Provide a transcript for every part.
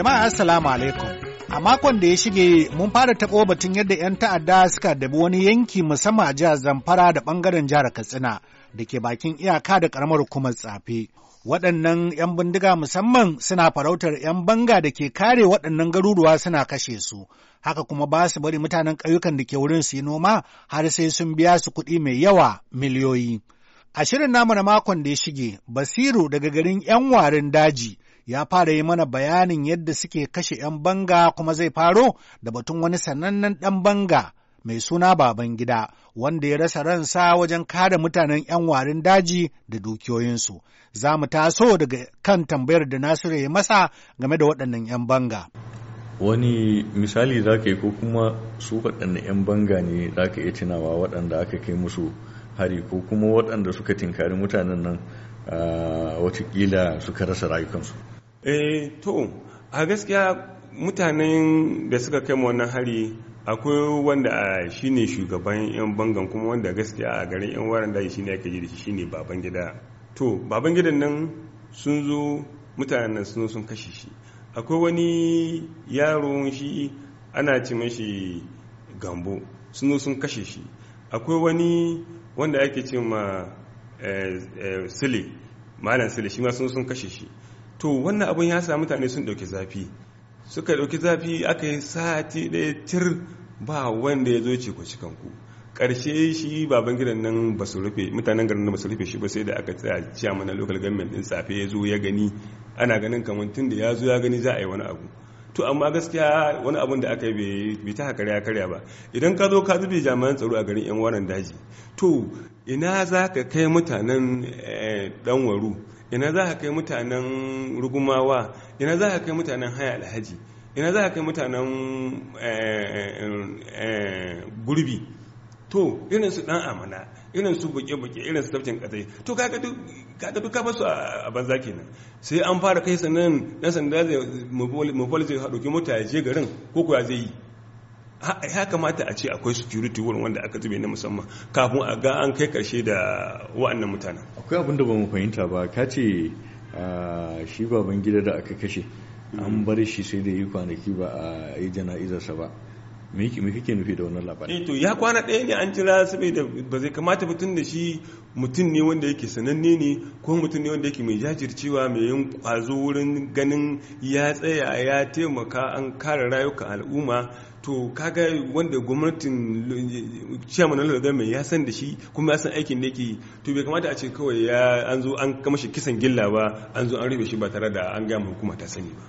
Jama'a Assalamu alaikum. A makon da ya shige mun fara taɓo batun yadda 'yan ta'adda suka dabi wani yanki musamman a jihar Zamfara da ɓangaren jihar Katsina da ke bakin iyaka da ƙaramar hukumar tsafe. Waɗannan 'yan bindiga musamman suna farautar 'yan banga da ke kare waɗannan garuruwa suna kashe su. Haka kuma ba su bari mutanen ƙauyukan da ke wurin su yi noma har sai sun biya su kuɗi mai yawa miliyoyi. A shirin namu na makon da ya shige, Basiru daga garin 'yan warin daji ya fara yi mana bayanin yadda suke kashe 'yan banga kuma zai faro da batun wani sanannen ɗan banga mai suna baban gida wanda ya rasa ransa wajen kare mutanen 'yan warin daji da dukiyoyinsu. Za mu taso daga kan tambayar da Nasiru ya masa game da waɗannan 'yan banga. Wani misali za ka yi ko kuma su waɗannan 'yan banga ne za ka iya tunawa waɗanda aka kai musu hari ko kuma waɗanda suka tinkari mutanen nan ah, watakila suka rasa rayukansu. eh to a gaskiya mutanen da suka kai wannan hari akwai wanda ah, shine shugaban yan bangan kuma wanda gaskiya a garin yan waran da shine aka ji da shi shine baban gida to baban gidan nan sun zo mutanen sun sun kashe shi akwai wani yaro shi ana ci mashi gambo sun sun kashe shi akwai wani wanda ake ce ma eh, eh, sile malam sile shi ma sun sun kashe shi to wannan abin ya sa mutane sun ɗauki zafi suka dauki zafi aka yi sati daya tir ba wanda ya zo ce ku cikanku ƙarshe shi baban gidan nan ba su rufe mutanen garin nan ba su rufe shi ba sai da aka tsaya ciya mana local government din safe ya zo ya gani ana ganin kamar tun da ya zo ya gani za a yi wani abu to amma gaskiya wani abun da aka yi bai ta hakariya karya ba idan ka zo ka zube jami'an tsaro a garin yan waran daji to ina za ka kai mutanen danwaru eh, ina za ka kai mutanen rugumawa ina za ka kai mutanen haya alhaji ina za ka kai mutanen eh, eh, gurbi to irin su dan amana irin su buke-buke irin su tafcin katai to kaga duka basu a banza kenan sai an fara kai sannan dan sanda zai mafoli zai haɗoki mota ya je garin ko kuwa zai yi ya kamata a ce akwai security wurin wanda aka zube na musamman kafin a ga an kai karshe da wa'annan mutanen akwai abin da ba mu fahimta ba ka ce shi baban gida da aka kashe an bar shi sai da yi kwanaki ba a yi jana'izarsa ba me ke nufi da wannan labarin eh to ya kwana ɗaya ne an jira saboda ba zai kamata mutum da shi mutum ne wanda yake sananne ne ko mutum ne wanda yake mai jajircewa mai yin kwazo wurin ganin ya tsaya ya taimaka an kare rayukan al'umma to kaga wanda gwamnatin chairman na lura mai ya san da shi kuma ya san aikin da yake to bai kamata a ce kawai ya an zo an kama shi kisan gilla ba an zo an rufe shi ba tare da an gaya hukuma ta sani ba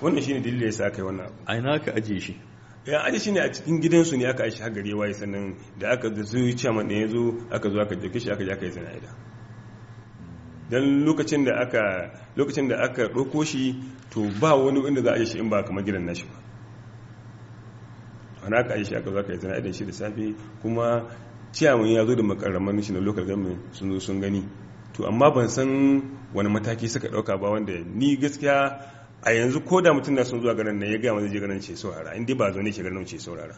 wannan shine dalilin da ya sa kai wannan a ina ka ajiye shi ya aji shi ne a cikin gidansu ne aka aishi har gari waye sannan da aka zuci da ya zo aka zo aka jike shi aka jaka yi sanaida dan lokacin da aka lokacin da aka ɗauko shi to ba wani inda za a aji shi in ba kamar gidan nashi ba wani aka aji shi aka zo aka yi sanaida shi da safe kuma ciyaman ya zo da makarraman shi na local government sun zo sun gani to amma ban san wani mataki suka ɗauka ba wanda ni gaskiya a yanzu ko da mutum na son zuwa garin na ya gaya ma zai je ce saurara inda ba zo ne ke garin ce saurara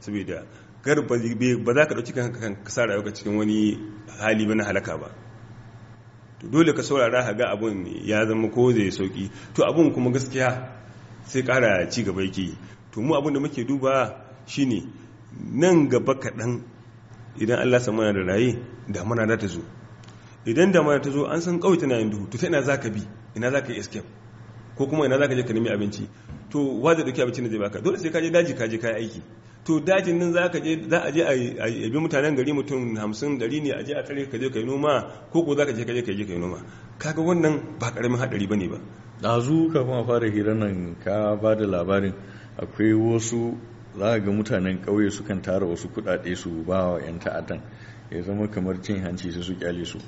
saboda garba ba za ka ɗauki kan kasa rayuwa cikin wani hali ba na halaka ba to dole ka saurara ka ga abun ya zama ko zai sauki to abun kuma gaskiya sai ƙara ci gaba yake to mu abun da muke duba shine nan gaba kaɗan idan Allah sa mana da raye damana za ta zo idan damana ta zo an san kawai tana yin duhu to ta ina za ka bi ina za ka yi escape ko kuma ina zaka je ka nemi abinci to wa zai dauki abincin da zai baka dole sai ka je daji ka je kai aiki to dajin nan zaka je za a je a bi mutanen gari mutum 50 dari ne a je a tsare ka je kai noma ko ko zaka je ka je kai noma kaga wannan ba karamin hadari bane ba dazu kafin a fara hirar nan ka ba da labarin akwai wasu za ga mutanen ƙauye sukan tara wasu kuɗaɗe su ba wa 'yan ta'addan ya zama kamar cin hanci su su kyale su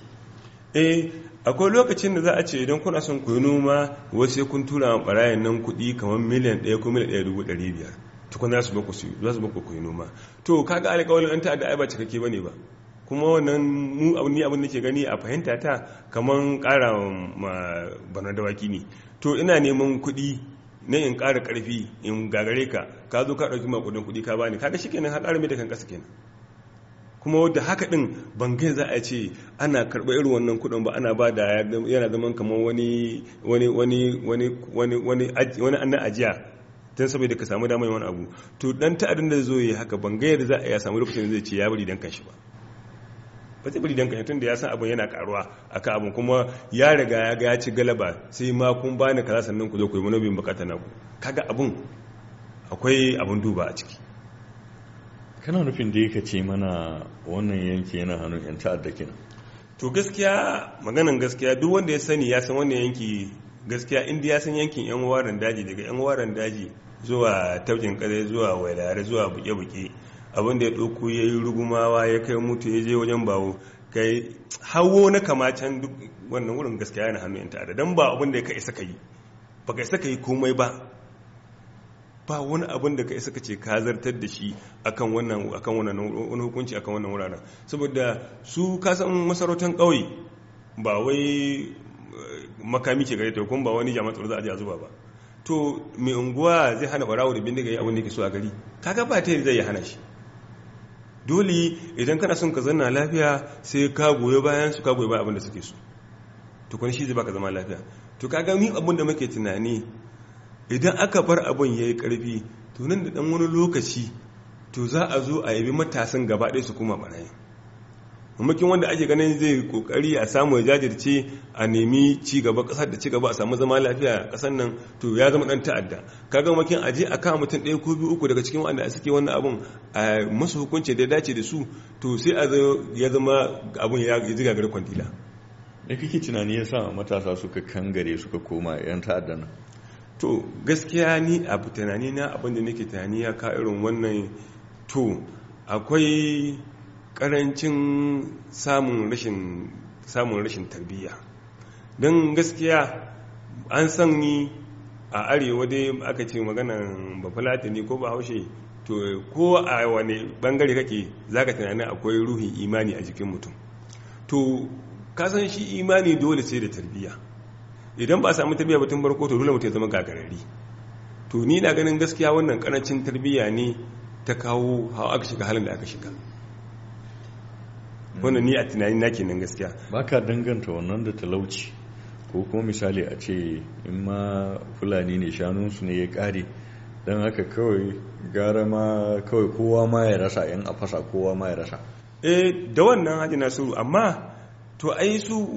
eh akwai lokacin da za a ce idan kuna son ku noma wasu kun tura ma barayin nan kuɗi kamar miliyan ɗaya ko miliyan ɗaya dubu ɗari biyar tukun za su baku za su baku ku noma to kaga alƙawarin an ta'adda ai ba cikakke bane ba kuma wannan mu abin abin da ke gani a fahimta ta kamar ƙara ma bana dawaki ne to ina neman kuɗi na in ƙara ƙarfi in gagare ka ka zo ka ɗauki maƙudin kuɗi ka bani kaga shikenan ka ƙara mai da kan ƙasa kenan kuma wadda haka din bangai za a ce ana karɓar irin wannan kuɗin ba ana ba da yana zaman kamar wani wani wani wani wani wani wani ajiya don saboda ka samu damar wani abu to dan ta'adin da zo yi haka bangai da za a ya samu lokacin da zai ce ya bari dan kanshi ba ba zai bari dan kanshi tunda ya san abin yana karuwa akan abin kuma ya riga ya ga ya ci galaba sai ma kun bani kaza sannan ku zo ku yi manobin bukata naku kaga abun akwai abun duba a ciki kana nufin da yake ce mana wannan yanki yana hannun 'yan ta'adda kenan to gaskiya maganan gaskiya duk wanda ya sani ya san wannan yanki gaskiya inda ya san yankin 'yan waran daji daga 'yan waran daji zuwa taukin kare zuwa wailare zuwa buke-buke abinda ya ɗauko ya yi rugumawa ya kai mutu ya je wajen bawo kai hawo na kamacin duk wannan wurin gaskiya yana hannun 'yan ta'adda don ba abinda ya ka isa ka yi ba ka isa ka yi komai ba ba wani abin da ka isa ka ce ka zartar da shi akan wannan akan wannan wani hukunci akan wannan wuraren saboda su ka san masarautar kauye ba wai eh, makami ce gare ta kuma ba wani jama'a tsaro za a je a zuba ba to mai unguwa zai hana barawo da bindiga yi abin da ke so a gari kaga ba ta zai hana shi dole idan kana son ka zanna lafiya sai ka goyo bayan su ka goyo bayan abin da suke so to kun shi zai baka zama lafiya to kaga mi abin da muke tunani idan aka bar abin ya yi ƙarfi to nan da ɗan wani lokaci to za a zo a yabi matasan gaba ɗaya su kuma ɓarayi mamakin wanda ake ganin zai kokari a samu ya jajirce a nemi ci gaba kasar da ci gaba a samu zama lafiya a kasar nan to ya zama dan ta'adda kaga mamakin je a kama mutum ɗaya ko biyu uku daga cikin wanda suke wannan abun a masu hukunci da dace da su to sai a ya zama abun ya ji gari kwandila da kike tunani yasa matasa suka kangare suka koma yan ta'adda nan to gaskiya ni abu tunani na abinda nake tunani ya ka irin wannan to akwai karancin samun rashin samun rashin tarbiyya don gaskiya an san ni a arewa dai aka ce maganan ne ko ba haushe, to ko a wane bangare kake zaka tunanin akwai ruhin imani a jikin mutum to kasan shi imani dole sai da tarbiyya idan ba a samu tarbiyya ba tun barko to dole mutum ya zama gagarari to ni na ganin gaskiya wannan karancin tarbiyya ne ta kawo hawa aka shiga halin da aka shiga hmm. wannan ni a tunani na kenan gaskiya ba ka danganta wannan da talauci ko kuma misali a ce in ma fulani ne shanunsu ne ya kare don haka kawai gara ma kawai kowa ma ya rasa yan a fasa kowa ma ya rasa eh da wannan hajji nasiru amma to ai su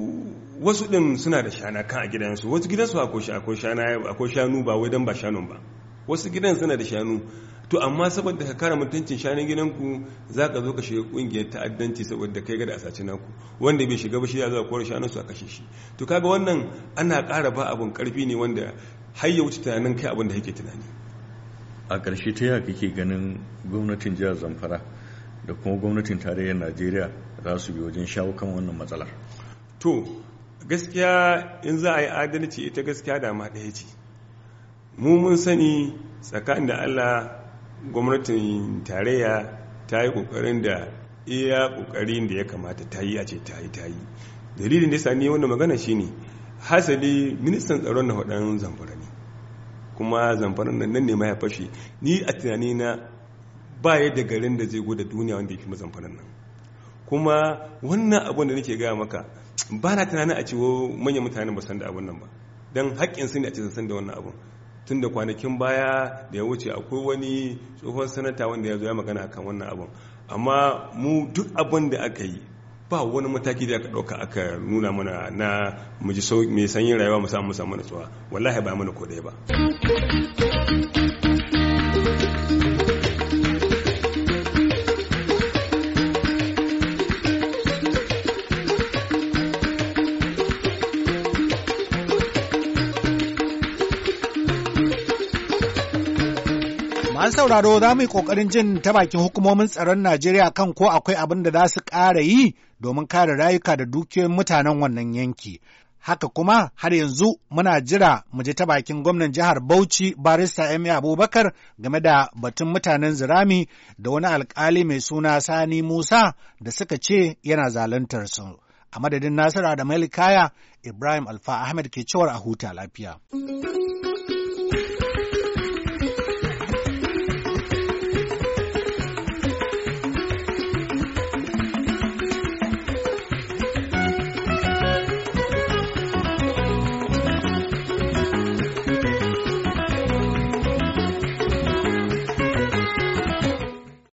wasu din suna da shana kan a gidansu wasu gidansu akwai shanu ba wai dan ba shanun ba wasu gidan suna da shanu to amma saboda ka kara mutuncin shanun gidanku za ka zo ka shiga kungiyar ta'addanci saboda kai ga da asaci naku wanda bai shiga ba shi ya zo kore shanun su a kashe shi to kaga wannan ana kara ba abun karfi ne wanda har ya wuce tunanin kai abin da yake tunani a ƙarshe ta yaya kake ganin gwamnatin jihar zamfara da kuma gwamnatin tarayyar najeriya za su bi wajen shawo kan wannan matsalar to gaskiya in za a yi adalci ita gaskiya dama ɗaya ce mu mun sani tsakanin da allah gwamnatin tarayya ta yi ƙoƙarin da iya ƙoƙarin da ya kamata ta yi a ce ta yi ta yi dalilin da sani wanda magana shi shine hasali ministan tsaron na waɗannan zamfara ne kuma zamfara nan ne ma ya fashe ni a tunanina ba yadda garin da zai gode duniya wanda ya fi mazamfaran nan kuma wannan abun da nake gaya maka ba na tunanin a ce manyan mutane ba san da abun nan ba don haƙƙin su ne a ce san da wannan abun tun da kwanakin baya da ya wuce akwai wani tsohon sanata wanda ya zo ya magana kan wannan abun amma mu duk abin da aka yi ba wani mataki da aka ɗauka aka nuna mana na muji mai sanyin rayuwa mu samu samu natsuwa wallahi ba mana ko ɗaya ba an sauraro za mu yi ƙoƙarin jin ta bakin hukumomin tsaron Najeriya kan ko akwai abin da za su ƙara yi domin kare rayuka da dukiyoyin mutanen wannan yanki. Haka kuma har yanzu muna jira mu je ta bakin gwamnan jihar Bauchi barista Emi Abubakar game da batun mutanen Zirami da wani alkali mai suna Sani Musa da suka ce yana zalantar su. A madadin Nasiru da Kaya, Ibrahim Alfa Ahmed ke cewar a huta lafiya.